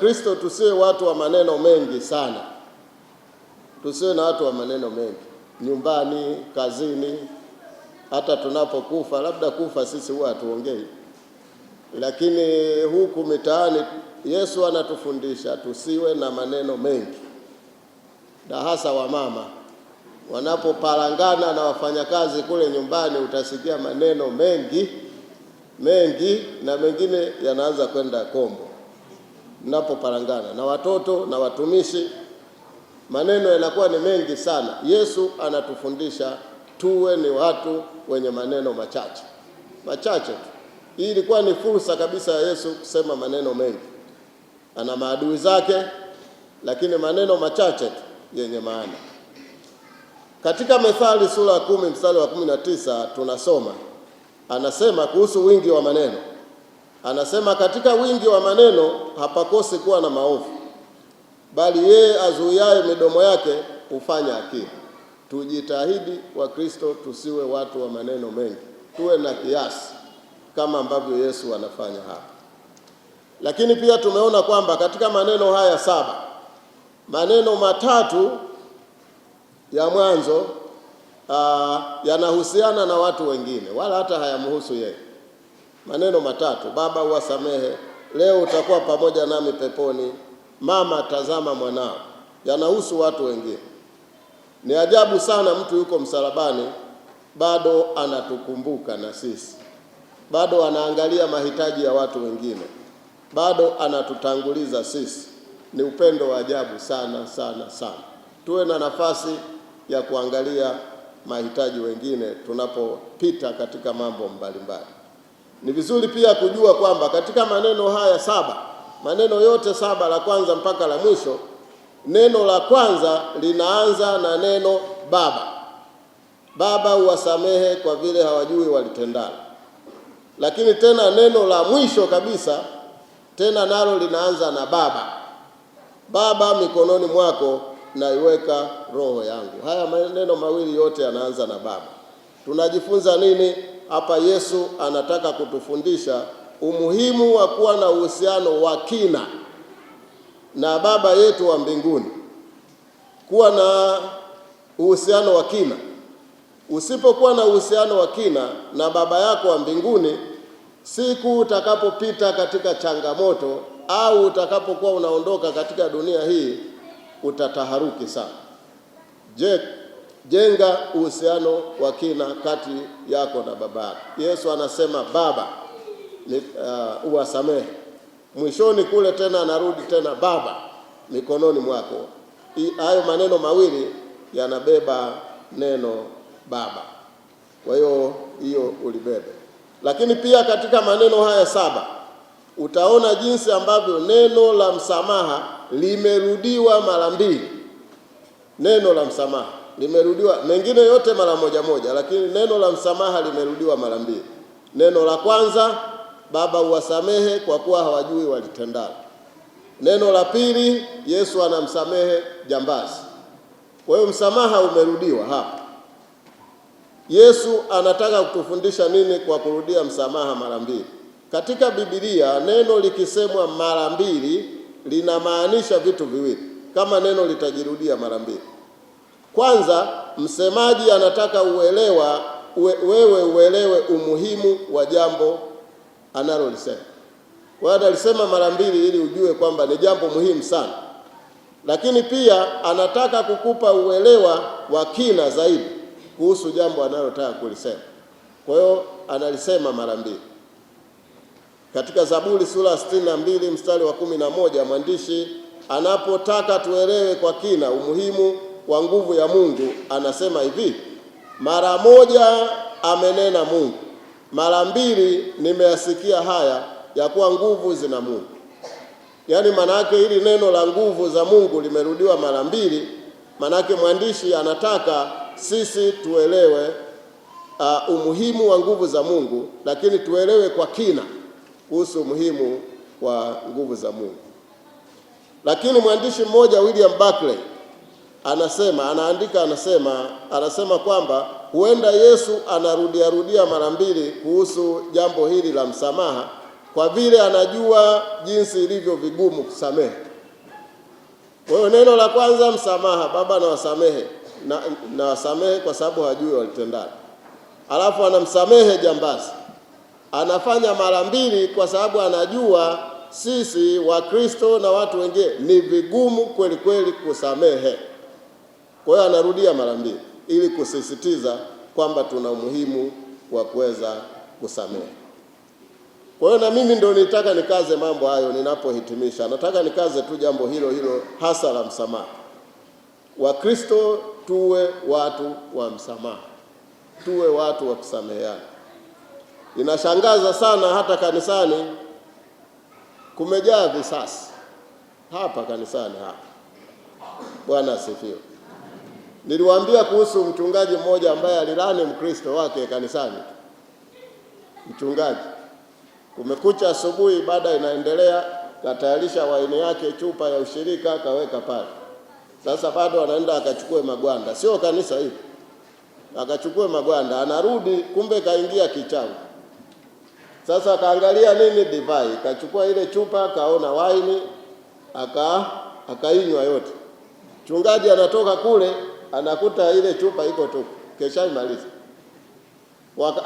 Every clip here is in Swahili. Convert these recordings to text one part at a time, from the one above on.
Wakristo tusiwe watu wa maneno mengi sana, tusiwe na watu wa maneno mengi nyumbani, kazini, hata tunapokufa. Labda kufa sisi huwa hatuongei, lakini huku mitaani Yesu anatufundisha tusiwe na maneno mengi, na hasa wamama wanapopalangana na wafanyakazi kule nyumbani, utasikia maneno mengi mengi, na mengine yanaanza kwenda kombo mnapoparangana na watoto na watumishi, maneno yanakuwa ni mengi sana. Yesu anatufundisha tuwe ni watu wenye maneno machache machache tu. Hii ilikuwa ni fursa kabisa ya Yesu kusema maneno mengi, ana maadui zake, lakini maneno machache tu yenye maana. Katika Methali sura ya kumi mstari wa kumi na tisa tunasoma anasema kuhusu wingi wa maneno Anasema katika wingi wa maneno hapakosi kuwa na maovu, bali yeye azuiaye midomo yake hufanya akili. Tujitahidi Wakristo tusiwe watu wa maneno mengi, tuwe na kiasi kama ambavyo Yesu anafanya hapa. Lakini pia tumeona kwamba katika maneno haya saba, maneno matatu ya mwanzo ah, yanahusiana na watu wengine, wala hata hayamhusu yeye maneno matatu: Baba uwasamehe leo, utakuwa pamoja nami peponi. Mama tazama mwanao. Yanahusu watu wengine. Ni ajabu sana, mtu yuko msalabani, bado anatukumbuka na sisi, bado anaangalia mahitaji ya watu wengine, bado anatutanguliza sisi. Ni upendo wa ajabu sana sana sana. Tuwe na nafasi ya kuangalia mahitaji wengine tunapopita katika mambo mbalimbali. Ni vizuri pia kujua kwamba katika maneno haya saba, maneno yote saba, la kwanza mpaka la mwisho, neno la kwanza linaanza na neno Baba. Baba, uwasamehe kwa vile hawajui walitendana. Lakini tena neno la mwisho kabisa tena nalo linaanza na Baba. Baba, mikononi mwako naiweka roho yangu. Haya maneno mawili yote yanaanza na Baba. Tunajifunza nini? Hapa Yesu anataka kutufundisha umuhimu wa kuwa na uhusiano wa kina na Baba yetu wa mbinguni, kuwa na uhusiano wa kina. Usipokuwa na uhusiano wa kina na Baba yako wa mbinguni, siku utakapopita katika changamoto au utakapokuwa unaondoka katika dunia hii utataharuki sana. Je, jenga uhusiano wa kina kati yako na baba yako. Yesu anasema baba uh, uwasamehe. Mwishoni kule tena anarudi tena baba, mikononi mwako. Hayo maneno mawili yanabeba neno baba. Kwa hiyo hiyo ulibebe, lakini pia katika maneno haya saba utaona jinsi ambavyo neno la msamaha limerudiwa mara mbili, neno la msamaha limerudiwa, mengine yote mara moja moja, lakini neno la msamaha limerudiwa mara mbili. Neno la kwanza, Baba uwasamehe kwa kuwa hawajui walitendalo. Neno la pili, Yesu anamsamehe jambazi. Kwa hiyo msamaha umerudiwa hapa. Yesu anataka kutufundisha nini kwa kurudia msamaha mara mbili? Katika Biblia neno likisemwa mara mbili linamaanisha vitu viwili, kama neno litajirudia mara mbili kwanza, msemaji anataka uelewa uwe, wewe uelewe umuhimu wa jambo analolisema. Kwa hiyo analisema mara mbili ili ujue kwamba ni jambo muhimu sana, lakini pia anataka kukupa uelewa wa kina zaidi kuhusu jambo analotaka kulisema. Kwa hiyo analisema mara mbili. Katika Zaburi sura mbili mstari wa 11 mwandishi anapotaka tuelewe kwa kina umuhimu wa nguvu ya Mungu anasema hivi, mara moja amenena Mungu, mara mbili nimeyasikia haya ya kuwa nguvu zina Mungu. Yaani manake hili neno la nguvu za Mungu limerudiwa mara mbili, manake mwandishi anataka sisi tuelewe uh, umuhimu wa nguvu za Mungu, lakini tuelewe kwa kina kuhusu umuhimu wa nguvu za Mungu. Lakini mwandishi mmoja William Buckley anasema anaandika, anasema anasema kwamba huenda Yesu anarudia rudia mara mbili kuhusu jambo hili la msamaha, kwa vile anajua jinsi ilivyo vigumu kusamehe. Kwa hiyo neno la kwanza msamaha, Baba nawasamehe na, nawasamehe kwa sababu hajui walitendana. Alafu anamsamehe jambazi, anafanya mara mbili kwa sababu anajua sisi Wakristo na watu wengine ni vigumu kweli kweli kusamehe. Kwa hiyo anarudia mara mbili ili kusisitiza kwamba tuna umuhimu wa kuweza kusamehe. Kwa hiyo na mimi ndio nitaka nikaze mambo hayo ninapohitimisha. Nataka nikaze tu jambo hilo hilo hasa la msamaha. Wakristo tuwe watu wa msamaha, tuwe watu wa kusameheana. Inashangaza sana hata kanisani kumejaa visasi hapa kanisani hapa. Bwana asifiwe. Niliwaambia kuhusu mchungaji mmoja ambaye alilani mkristo wake kanisani. Mchungaji, kumekucha asubuhi, ibada inaendelea, katayarisha waini yake, chupa ya ushirika kaweka pale. Sasa bado anaenda akachukue magwanda, sio kanisa hili, akachukue magwanda, anarudi, kumbe kaingia kichawi. Sasa kaangalia nini, divai, kachukua ile chupa, kaona waini, aka akainywa yote. Mchungaji anatoka kule anakuta ile chupa iko tu keshaimaliza.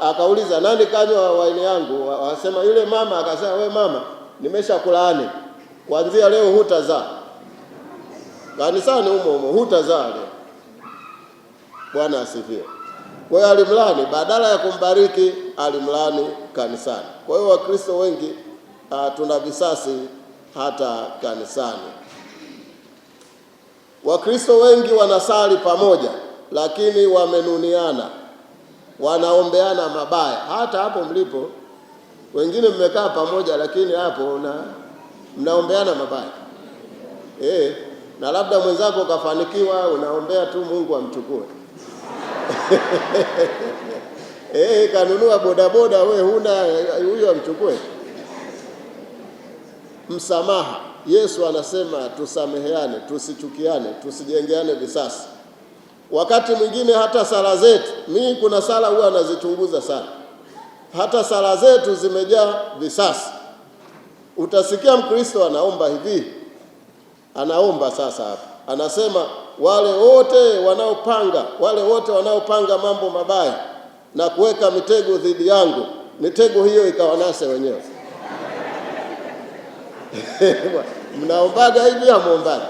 Akauliza, nani kanywa waini yangu? Wasema yule mama. Akasema, we mama, nimesha kulaani kuanzia leo hutazaa. Kanisani humo humo hutazaa leo. Bwana asifiwe. Kwa hiyo alimlani, badala ya kumbariki alimlani kanisani. Kwa hiyo Wakristo wengi uh, tuna visasi hata kanisani. Wakristo wengi wanasali pamoja, lakini wamenuniana, wanaombeana mabaya. Hata hapo mlipo wengine mmekaa pamoja, lakini hapo una mnaombeana mabaya e, na labda mwenzako ukafanikiwa, unaombea tu Mungu amchukue Eh, kanunua bodaboda, we huna huyo amchukue. Msamaha Yesu anasema tusameheane, tusichukiane, tusijengeane visasi. Wakati mwingine hata sala zetu, mimi kuna sala huwa anazichunguza sana, hata sala zetu zimejaa visasi. Utasikia Mkristo anaomba hivi, anaomba sasa hapa, anasema wale wote wanaopanga, wale wote wanaopanga mambo mabaya na kuweka mitego dhidi yangu, mitego hiyo ikawanase wenyewe mnaombaga hivi amwombaga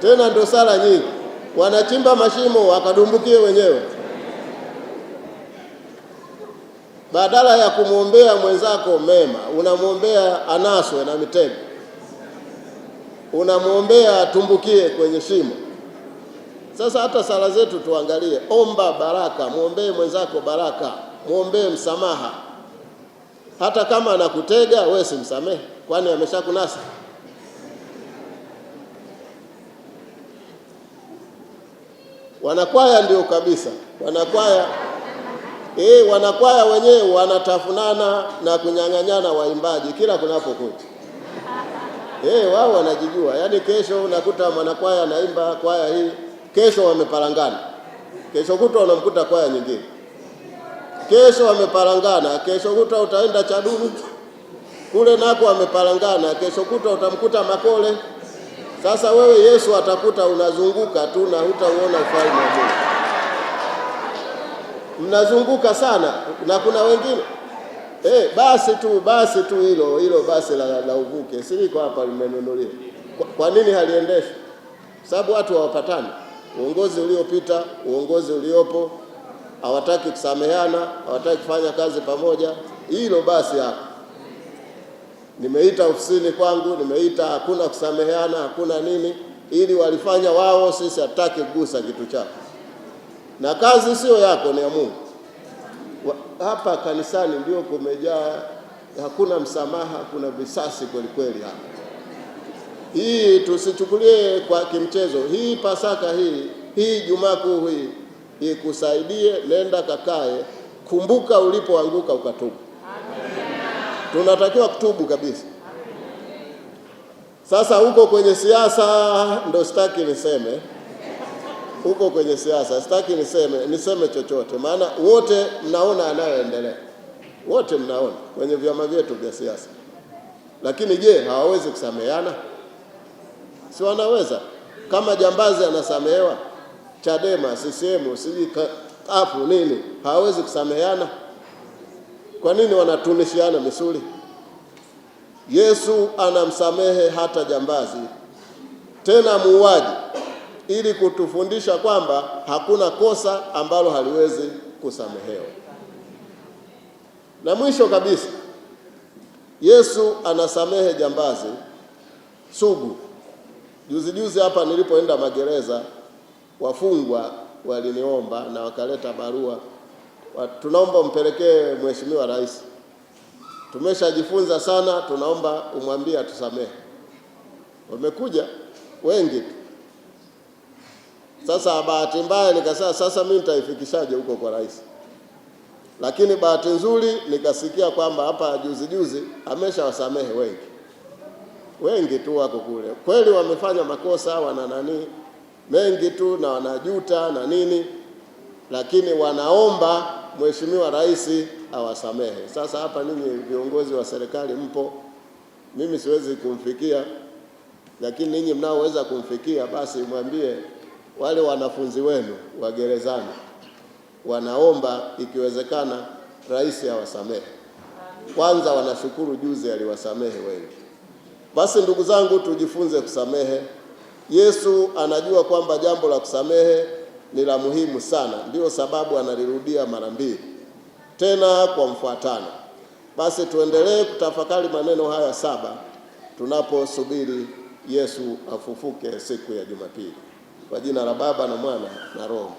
tena, ndo sala nyingi, wanachimba mashimo wakadumbukie wenyewe, badala ya kumwombea mwenzako mema, unamwombea anaswe na mitego, unamwombea atumbukie kwenye shimo. Sasa hata sala zetu tuangalie, omba baraka, mwombee mwenzako baraka, mwombee msamaha hata kama anakutega wewe simsamehe, kwani ameshakunasa? Wanakwaya ndio kabisa, wanakwaya e, wanakwaya wenyewe wanatafunana na kunyang'anyana waimbaji kila kunapokucha. E, eh, wao wanajijua, yaani kesho unakuta mwanakwaya anaimba kwaya hii, kesho wameparangana, kesho kutwa unamkuta kwaya nyingine kesho wameparangana, kesho kuta utaenda Chaduru kule nako wameparangana, kesho kuta utamkuta Makole. Sasa wewe Yesu atakuta unazunguka tu na hutauona ufalme wa Mungu. Mnazunguka sana na kuna wengine eh, basi tu basi tu hilo hilo basi la, la uvuke siliko hapa limenunuliwa. Kwa, kwa nini haliendeshwi? Sababu watu hawapatani, uongozi uliopita, uongozi uliopo hawataki kusameheana, hawataki kufanya kazi pamoja. Hilo basi hapo, nimeita ofisini kwangu, nimeita hakuna kusameheana, hakuna nini, ili walifanya wao, sisi hatutaki kugusa kitu chako, na kazi sio yako, ni ya Mungu. Hapa kanisani ndio kumejaa, hakuna msamaha, kuna visasi kweli kweli hapa. Hii tusichukulie kwa kimchezo. Hii Pasaka hii hii Jumaa Kuu hii ikusaidie, nenda kakae, kumbuka ulipoanguka ukatubu. Tunatakiwa kutubu kabisa. Sasa huko kwenye siasa ndo sitaki niseme, huko kwenye siasa sitaki niseme, niseme chochote, maana wote mnaona anayoendelea wote mnaona kwenye vyama vyetu vya siasa. Lakini je, hawawezi kusameheana? Si wanaweza? Kama jambazi anasamehewa Chadema, CCM, sijui kafu nini, hawawezi kusameheana? Kwa nini wanatunishiana misuli? Yesu anamsamehe hata jambazi, tena muuaji, ili kutufundisha kwamba hakuna kosa ambalo haliwezi kusamehewa. Na mwisho kabisa, Yesu anasamehe jambazi sugu. Juzi juzi hapa nilipoenda magereza wafungwa waliniomba na wakaleta barua, tunaomba umpelekee Mheshimiwa Rais, tumeshajifunza sana, tunaomba umwambie atusamehe. Wamekuja wengi tu. Sasa bahati mbaya nikasema, sasa mimi nitaifikishaje huko kwa rais? Lakini bahati nzuri nikasikia kwamba hapa juzi juzi ameshawasamehe wengi, wengi tu wako kule, kweli wamefanya makosa, wana nani mengi tu na wanajuta na nini, lakini wanaomba Mheshimiwa Rais awasamehe. Sasa hapa ninyi viongozi wa serikali mpo, mimi siwezi kumfikia, lakini ninyi mnaoweza kumfikia, basi mwambie wale wanafunzi wenu wa gerezani wanaomba ikiwezekana rais awasamehe. Kwanza wanashukuru, juzi aliwasamehe wengi. Basi ndugu zangu, tujifunze kusamehe. Yesu anajua kwamba jambo la kusamehe ni la muhimu sana, ndiyo sababu analirudia mara mbili tena kwa mfuatano. Basi tuendelee kutafakari maneno haya saba tunaposubiri Yesu afufuke siku ya Jumapili. Kwa jina la Baba na Mwana na Roho